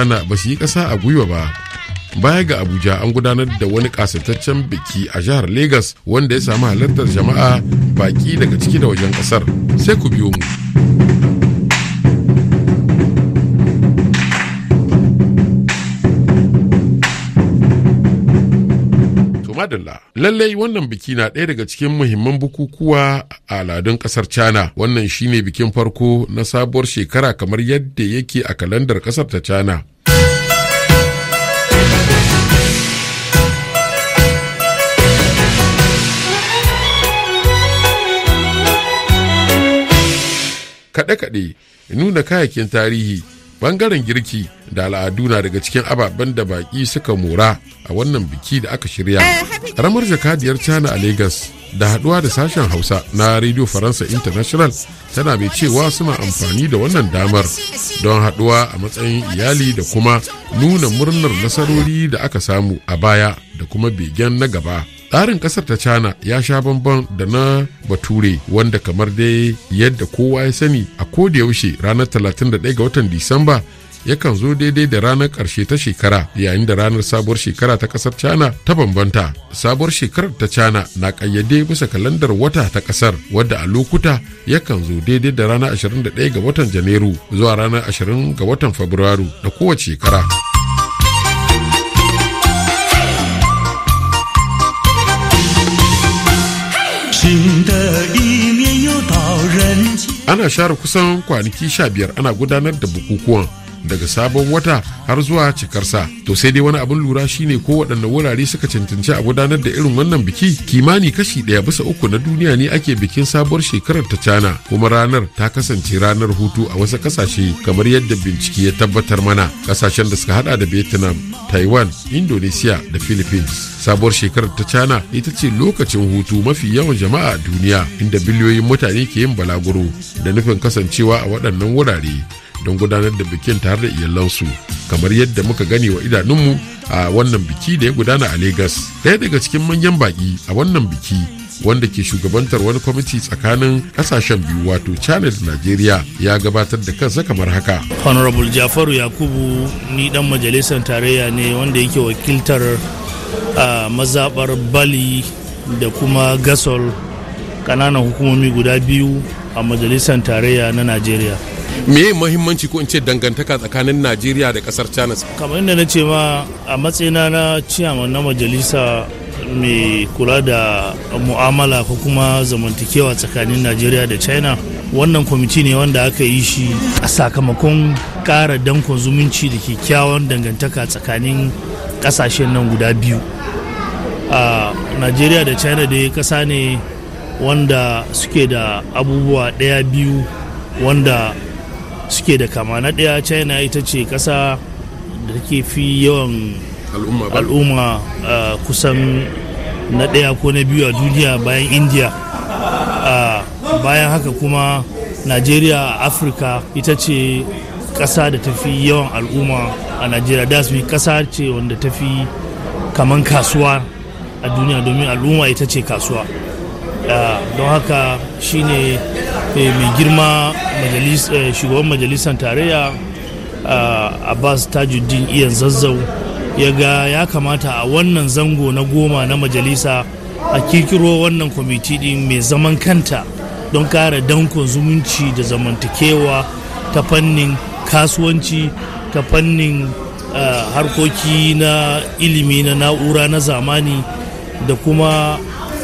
kana ba su yi ƙasa a gwiwa ba baya ga abuja an gudanar da wani kasataccen biki a jihar Legas wanda ya sami halartar jama'a baki daga ciki da wajen ƙasar sai ku biyo mu madalla lallai wannan biki na ɗaya daga cikin muhimman bukukuwa a aladun ƙasar china wannan shine bikin farko na sabuwar shekara kamar yadda yake a kalandar ƙasar ta china kaɗe-kaɗe nuna kayakin tarihi bangaren girki da al'adu na daga cikin ababen da baki suka mora a wannan biki da aka shirya eh, ramar jakadiyar china a lagos da haduwa da sashen hausa na radio faransa international tana mai cewa suna amfani da wannan damar don haduwa a matsayin iyali da kuma nuna murnar nasarori da aka samu a baya da kuma begen na gaba tsarin kasar ta china ya sha bamban da na bature wanda kamar dai yadda kowa ya sani a ko da yaushe ranar 31 ga watan disamba yakan zo daidai da ranar karshe ta shekara yayin da ranar sabuwar shekara ta kasar china ta bambanta sabuwar shekarar ta china na kayyade bisa kalandar wata ta kasar wadda a lokuta yakan zo daidai da ranar 21 ga watan janairu zuwa ranar 20 ga watan fabrairu da kowace shekara. ana share kusan kwanaki sha biyar ana gudanar da bukukuwan daga sabon wata har zuwa cikarsa to sai dai wani abin lura shine ko waɗanne wurare suka cancanci a gudanar da irin wannan biki kimani kashi ɗaya bisa uku na duniya ne ake bikin sabuwar shekarar ta cana kuma ranar ta kasance ranar hutu a wasu ƙasashe kamar yadda bincike ya tabbatar mana ƙasashen da suka hada da vietnam taiwan indonesia da philippines sabuwar shekarar ta cana ita ce lokacin hutu mafi yawan jama'a a duniya inda biliyoyin mutane ke yin balaguro da nufin kasancewa a waɗannan wurare don gudanar da bikin tare da iyalansu kamar yadda muka gani wa idanunmu a wannan biki da ya gudana a Legas. Ɗaya daga cikin manyan baƙi a wannan biki wanda ke shugabantar wani kwamiti tsakanin kasashen biyu wato china da nigeria ya gabatar da kansa kamar haka honorable jafaru yakubu ni dan majalisar tarayya ne wanda yake wakiltar a mazabar bali da kuma gasol kananan hukumomi guda biyu a majalisar tarayya na nigeria me mahimmanci ko in ce dangantaka tsakanin najeriya da kasar china kamar inda na ce ma a matsayina na ciyaman na majalisa mai kula da mu'amala ko kuma zamantakewa tsakanin najeriya da china wannan kwamiti ne wanda aka yi shi a sakamakon kara dankon zumunci da kyakkyawan dangantaka tsakanin kasashen nan guda biyu a najeriya da china dai kasa ne wanda suke da abubuwa daya biyu wanda suke da kama na ɗaya china ita ce ƙasa da ke fi yawan al'umma kusan na ɗaya ko na biyu a duniya bayan india bayan haka kuma nigeria a afirka ita ce ƙasa da ta fi yawan al'umma a nigeria da su ƙasa ce wanda ta fi kaman kasuwa a duniya domin al'umma ita ce kasuwa don haka shine eh, mai girma eh, shugaban majalisar tarayya eh, abbas tajuddin iyan zazzau ya ga ya kamata a wannan zango na goma na majalisa a kirkiro wannan kwamiti din mai zaman kanta don kare dankon zumunci da zamantakewa ta fannin kasuwanci ta fannin harkoki na ilimi na na'ura na zamani da kuma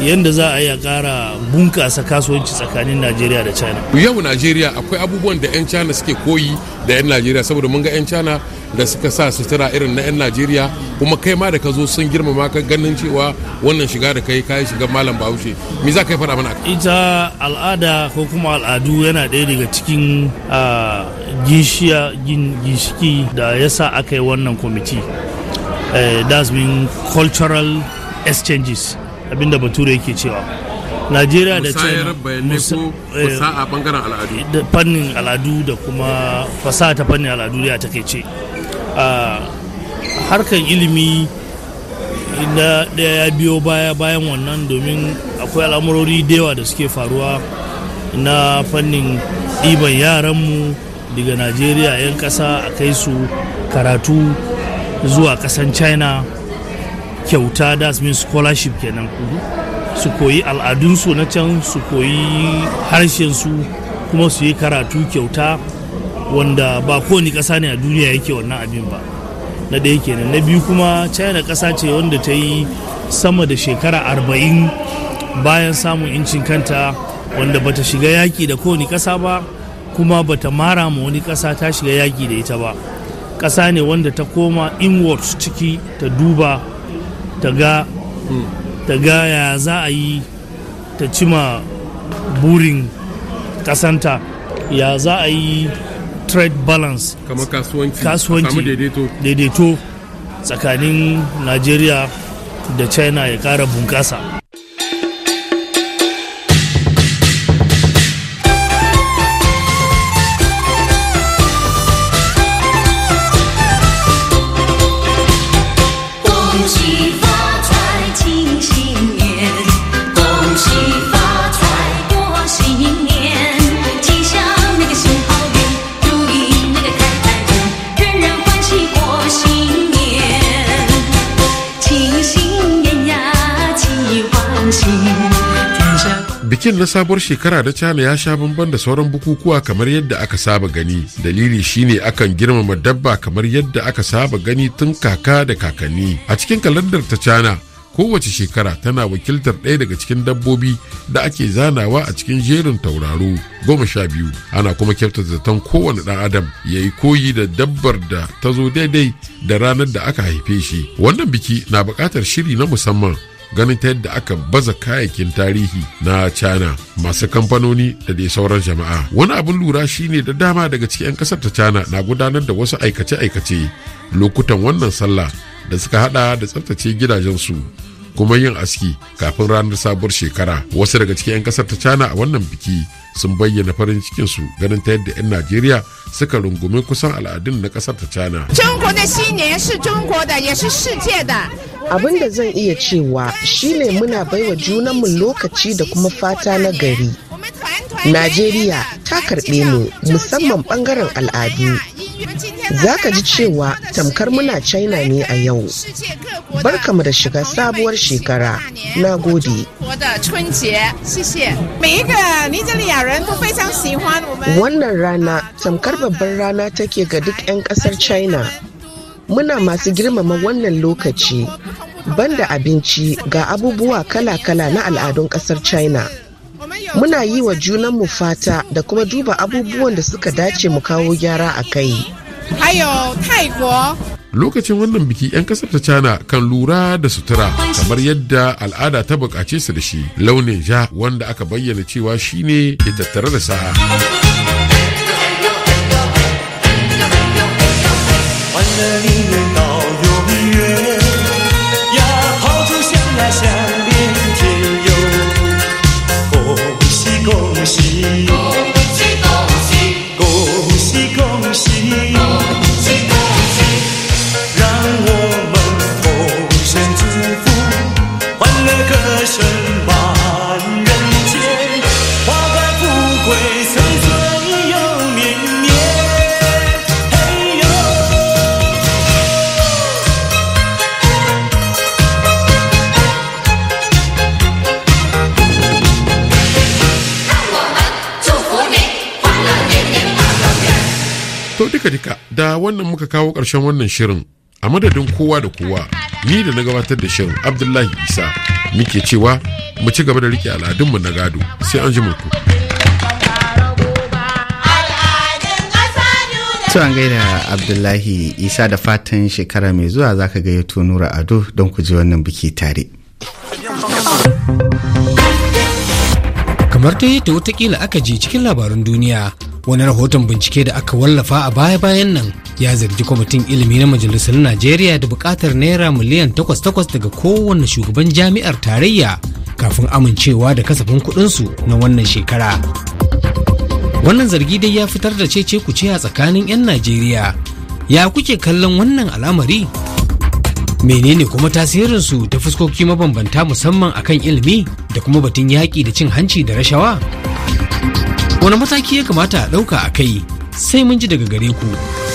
yadda za a iya ƙara bunkasa kasuwanci tsakanin najeriya da china yau najeriya akwai abubuwan da 'yan china suke koyi da 'yan najeriya saboda mun ga 'yan china da suka sa sutura irin na 'yan najeriya kuma kai ma da ka zo sun girmama ka ganin cewa wannan shiga da kai kayan shiga malam bahaushe me za ka yi faɗa mana ita al'ada ko kuma al'adu yana ɗaya daga cikin ginshiya ginshiki da ya sa aka yi wannan kwamiti eh, that's been cultural exchanges abinda bature yake cewa najeriya da china eh, a bangaren al'adu da fannin al'adu da kuma fasaha ta fannin al'adu ya ta ce harkan ilimi na daya ya biyo baya bayan wannan domin akwai al'amurori da yawa da suke faruwa na fannin ɗiban yaranmu daga najeriya 'yan ƙasa a kai su karatu zuwa ƙasan china kyauta da scholarship kenan su koyi al'adunsu na can su koyi harshensu kuma su yi karatu kyauta wanda ba kowane ƙasa ne a duniya yake wannan abin ba na ɗaya kenan na biyu kuma china ƙasa ce wanda ta yi sama da shekara arba'in bayan samun incin kanta wanda bata shiga yaƙi da kowane ƙasa ba kuma bata mara ma wani ƙasa ta shiga yaƙi da ita ba ƙasa ne wanda ta koma inward ciki ta duba ta ga ya za a yi ta cima burin kasanta ya za a yi trade balance kasuwanci daidaito tsakanin nigeria da china ya kara bunkasa bikin na sabuwar shekara da cana ya sha bamban da sauran bukukuwa kamar yadda aka saba gani dalili shine akan girmama dabba kamar yadda aka saba gani tun kaka da kakanni a cikin kalandar ta cana kowace shekara tana wakiltar ɗaya daga cikin dabbobi da ake zanawa a cikin jerin tauraro goma sha biyu ana kuma kyautata zaton kowane ɗan adam ya yi koyi da dabbar da ta zo daidai da ranar da aka haife shi wannan biki na buƙatar shiri na musamman ganin ta yadda aka baza kayayyakin tarihi na China masu kamfanoni da dai sauran jama'a. Wani abin lura shine da dama daga cikin 'yan kasar ta China na gudanar da wasu aikace-aikace lokutan wannan sallah da suka hada da tsaftace gidajensu kuma yin aski kafin ranar sabuwar shekara wasu daga cikin 'yan kasar ta cana a wannan biki sun bayyana farin cikin su ganin ta yadda 'yan najeriya suka rungumi kusan al'adun na kasar ta cana abin da zan iya cewa shine muna baiwa junanmu lokaci da kuma fata na gari najeriya ta karɓe mu musamman bangaren al'adu za ka ji cewa tamkar muna china ne a yau barkamu da shiga sabuwar shekara na gode wannan rana tamkar babban rana take ga duk 'yan kasar china muna masu girmama wannan lokaci banda abinci ga abubuwa kala-kala na al'adun ƙasar china muna yi wa junanmu fata da kuma duba abubuwan da suka dace mu kawo gyara a kai lokacin wannan biki 'yan kasar ta china kan lura da sutura kamar yadda al'ada ta bukace su da shi launin ja wanda aka bayyana cewa shine ya tattare da sa'a duka-duka da wannan muka kawo ƙarshen wannan shirin a madadin kowa da kowa ni da na gabatar da shirin abdullahi isa muke cewa mu ci gaba da rike al'adunmu na gado sai an ji muku an gaida abdullahi isa da fatan shekara mai zuwa zaka gayyato nura ado don ku ji wannan biki tare kamar ta yi ta watakila aka je cikin labarun duniya wani rahoton bincike da aka wallafa a baya-bayan nan ya zargi kwamitin ilimi na majalisar najeriya da bukatar naira miliyan takwas takwas daga kowane shugaban jami'ar tarayya kafin amincewa da kasafin kuɗinsu na wannan shekara wannan zargi dai ya fitar da cece kuce a tsakanin 'yan najeriya ya kuke kallon wannan al'amari menene kuma tasirinsu ta fuskoki mabambanta musamman akan ilimi da kuma batun yaƙi da cin hanci da rashawa wani mataki ya kamata a ɗauka a kai sai mun ji daga gare ku.